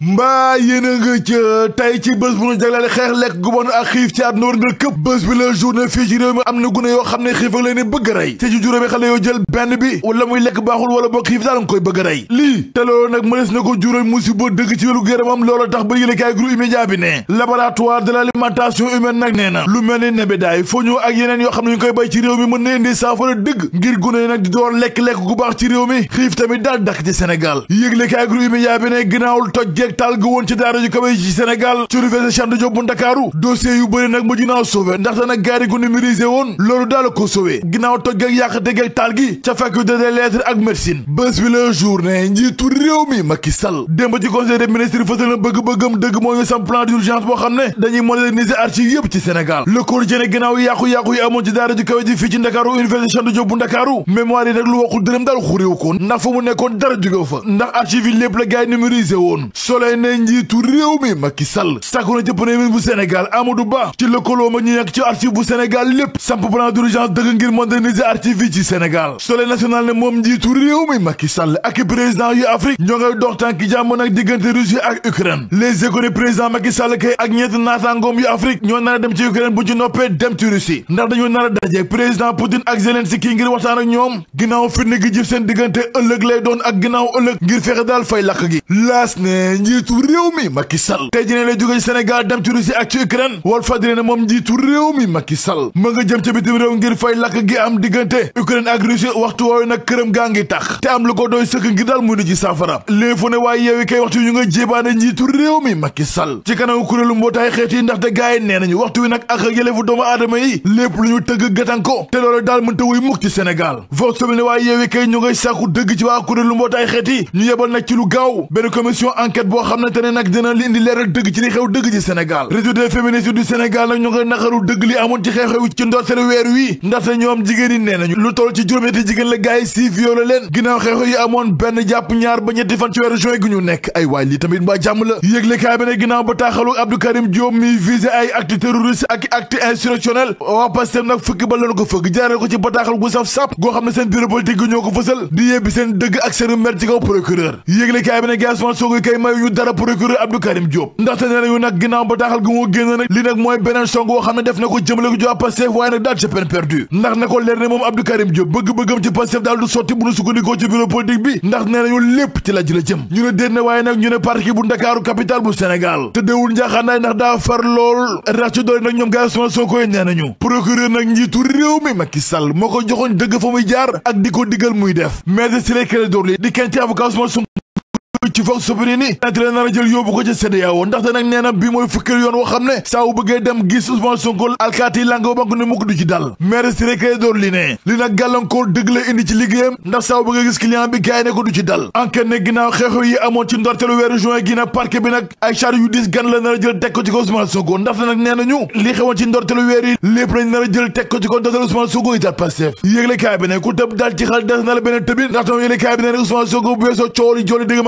mbaa yéen nga ca tey ci bés bu nu jagleel xeex lekk gu bon ak xiif ci at war nga këpp bés bi la journée fii ci réew mi am na gune yoo xam ne xiif ak bëgg a rey ci juróomi xale yoo jël benn bi wala muy lekk baaxul wala boo xiif daal nga koy bëgg a rey lii te loolu nag mënees na ko juróomi musiba dëgg ci wéru yaramam loolu tax ba yëlekaay groupe média bi ne laboratoire de l'alimentation humaine nag nee na lu mel ni nebedaay foñu ak yeneen yoo xam ne ñu koy bay ci réew mi mën na indi saafara dëgg ngir gune yi nag di door lekk-lekk gu baax ci réew mi xiif tamit daal dakk ci Sénégal yëglekaay groupe média bi ne yeeg woon ci daara ju kawe loolu daal ko sauvé ginnaaw toj geeg yàqate geeg taal gi ca faculté des lettres ak médecine bés bi la journée njiitu réew mi Macky Sall démb ci conseil des ministres fësal na bëgg-bëggam dëgg mooy sam plan d'urgence boo xam ne dañuy moderniser archives yëpp ci Sénégal le quotidien ginnaaw yàqu-yàqu yi amoon ci daara ju kawe ci Ndakaaru université Cheikh Ndakaaru mémoire yi lu waxul dërëm daal xuréew ko ndax fa mu nekkoon dara jógew fa ndax archives lépp la gaay numérisé woon Soleil ne njiitu réew mi Macky Sall sàkku na ci premier ministre bu Sénégal Amadou Ba ci lëkkaloo ma ñu nekk ci archive bu Sénégal lépp samp plan d'urgence dëgg ngir moderniser archive yi ci Sénégal Soleil national ne moom njiitu réew mi Macky Sall ak président yu Afrique ñoo ngay dox tànki jàmm nag diggante Russie ak Ukraine les écoles président Macky Sall kay ak ñeenti naataangoom yu Afrique ñoo nar a dem ci Ukraine bu ci noppee dem ci Russie ndax dañoo nar a dajee président Poutine ak Zelensky ngir waxtaan ñoom ginnaaw firnde gi jëf seen diggante ëllëg lay doon ak ginnaaw ëllëg ngir fexe daal fay lakk gi njiitu réew mi Macky Sall tey jine la jóge Sénégal dem ci Russie ak ci Ukraine wal fajri ne moom njiitu réew mi Macky Sall ma nga jëm ca bitim réew ngir fay lakk gi am diggante Ukraine ak Russie waxtu woowu nag këram gaa ngi tax te am lu ko doy sëkk ngir daal muy ni ci saafara léefu ne waaye yeewi kay waxtu ñu nga jébaane njiitu réew mi Macky Sall ci kanamu kuréelu mbootaay xeet yi ndaxte gars yi nee nañu waxtu wi nag ak yëlefu doomu aadama yi lépp lu ñu tëgg gatan ko te loolu daal mënta wuy mukk ci Sénégal vox populi ne waaye yeewi kay ñu ngay sàkku dëgg ci waa kuréelu mbootaay xeet yi ñu yebal nag lu gaaw benn commission enquête boo xamante ne nag dina li indi leeral dëgg ci li xew dëgg ci Sénégal réseau des du Sénégal nag ñu ngay naqaru dëgg li amoon ci xew-xew ci ndorteel weer wi ndaxte ñoom jigéen nee nañu lu toll ci juróom-ñetti jigéen la gars yi sii violé leen ginnaaw xew-xew yi amoon benn jàpp ñaar ba ñetti fan ci weeru juin gi ñu nekk ay waay lii tamit mbaa jàmm la yëglekaay bi ne ginnaaw ba taaxalu Abdou Karim Diop mi visé ay acte terroriste ak acte insurrectionnel yu dara procureur Abdou Karim Diop ndaxte nee nañu nag ginnaaw ba gi moo génn li nag mooy beneen song woo xam ne def na ko jëmale ko ci waa Pastef waaye nag na ñu ne déet ne waaye nag ñu ne daa far lool rax ci doole nag ñoom gaa Ousmane Sonko nee nañu procureur nag njiitu réew mi Macky ko joxoon dëgg fa muy jaar ak di ko digal muy def maître Ciré Clédor Ly di kenn ci avocat Ousmane Sonko ci Vox Populi ni intérêt na jël yóbbu ko ci CEDEAO ndaxte nag nee na bi mooy fukkeel yoon woo xam ne saa bëggee dem gis Ousmane Sonko alkaati langa bank ne mukk du ci dal maire Ciré Clédor Ly li nag gàllankoor dëgg la indi ci liggéeyam ndax saa bëggee gis client bi kaay ko du ci dal enquête ne ginnaaw xeexu yi amoon ci ndorteelu weeru juin gi nag parquet bi nag ay charge yu diis gan la nar a jël teg ko ci ko Ousmane Sonko ndaxte nag nee nañu li xewoon ci ndorteelu weer yi lépp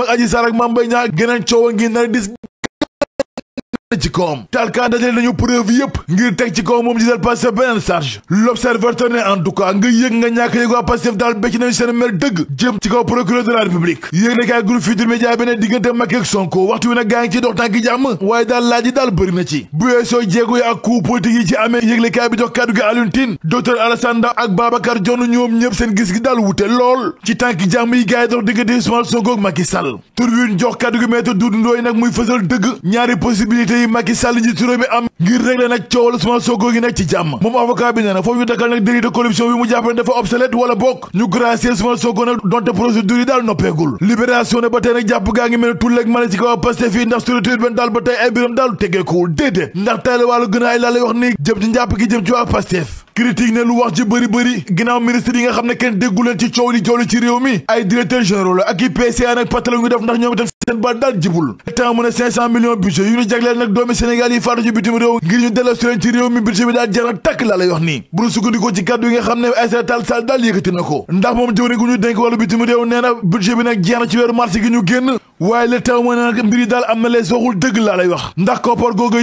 a Adji Sarr ak Mame Mbaye Niang geneen coow a ngi ci kawam talkaan dajale nañu preuve yëpp ngir teg ci kawam moom jiital Pastef beneen charge l'observateur ne en nga yëg nga ñàkk yëg waa Pastef daal nañu seen mel dëgg jëm ci kaw procureur de la république yéeg kaay groupe Futurs Médias bi ne diggante Sonko waxtu wi nag gaa ci dox tànki jàmm waaye daal laaj yi daal ci bu weesoo jéego ak coup politique yi ci amee yëgle kaay bi jox kàddu gi Alioune Tine docteur ak Babacar Dione ñoom yi Macky Sall njiitu réew mi am ngir régler nag coowal Ousmane Sonko gi nag ci jàmm moom avocat bi nee foofu ñu dakkal nag délit de corruption bi mu jàpp dafa obsolète wala bokk ñu gracier Ousmane Sonko nag donte procédure yi daal noppeegul libération ne ba tey nag jàpp gaa ngi mel ne tulleeg mën a ci kaw yi ndax structure benn daal ba tey ay mbiram daal teggeekuwul déedéet ndax tayle wàllu gën ay laa lay wax jëm ci njàpp gi jëm ci waa critique ne yi nga xam ne kenn déggu ci coow li coow ci réew mi ay directeur généraux la ak i PCA nag patala ngi def ndax ñoom itam seen baat yi faatu ci bitim réew ngir ñu delloosi leen ci réew mi budget bi daal jaral takk laa lay wax ci kàddu yi nga xam ne Aïssata Tall Sall daal yëkkati na ko ndax moom jëwri gu ñu dénk réew nee na budget bi nag na ci weeru mars gi ñu génn waaye le taw ma nag mbiri daal na les waxul ndax koppar googu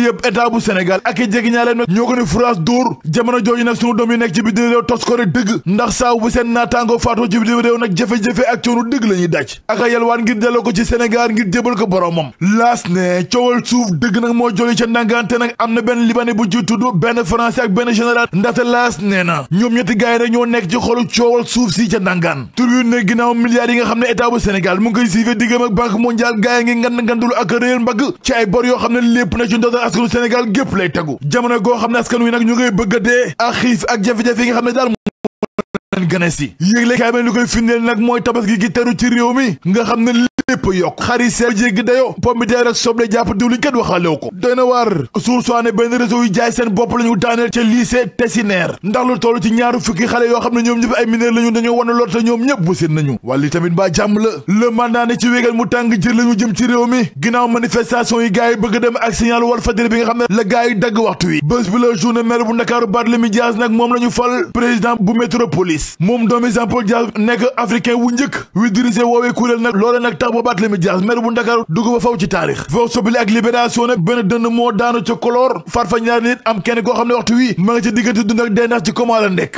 faatu doom yi nekk ci bitim réew tos ko rek dëgg ndax saa bu seen naataango faatu ci nag jafe-jafe ak coono dëgg la ñuy daj ak a yalwaan ngir delloo ko ci Sénégal ngir jébal ko boromam laas ne coowal suuf dëgg nag moo joli ca ndàngaante nag am na benn libanais bu ci tudd benn français ak benn général ndaxte laas nee na ñoom ñetti gaay rek ñoo nekk si ca ndàngaan tribune ne ginnaaw milliards yi nga xam ne état bu Sénégal mu ngi koy siife diggam ak banque mondiale gaay ngi ngand ngandulu ak réyal mbagg ci ay bor yoo xam ne lépp na ci ndootal askanu Sénégal gépp lay tegu jamono goo xam ne askan wi nag ñu ngay bëgg a dee xiif ak jafe-jafe yi nga xam ne daal ganes yi yëglekaay bi lu koy firndeel nag ndax lu toll ci ñaaru fukki xale yoo xam ne ñoom ñëpp ay mineur la ñu dañoo wan lor ñoom ñëpp bu seen nañu wàlli tamit mbaa jàmm la le ci wégal mu tàng jër la jëm ci réew mi ginnaaw manifestation yi gars yi bëgg dem ak signal wal fajëri bi nga xam ne la gars dagg waxtu wi bés bi la journée maire bu Ndakaaru Barthélémy Dias nag moom la fal président bu métropolis moom doomi Jean Paul Dias nekk africain wu njëkk wi dirigé woowee kuréel nag loolee nag tax ba Barthélémy Dias maire bu Ndakaaru dugg ba faw ci taarix foo sobile ak libération nag benn dënn moo daanu ca koloor fa ñaari nit am kenn koo xam ne waxtu wi ma nga ci diggante dund ak dee ndax ci comment la nekk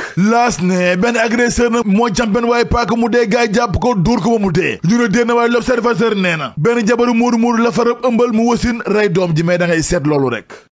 ne benn agresseur nag moo campen waaye paaka mu dee gaay jàpp ko dóor ko ba mu dee ñu ne dee na waaye l'observateur nee na benn jabaru móodu móodu la fa rëb ëmbal mu doom ji mais da ngay seet loolu rek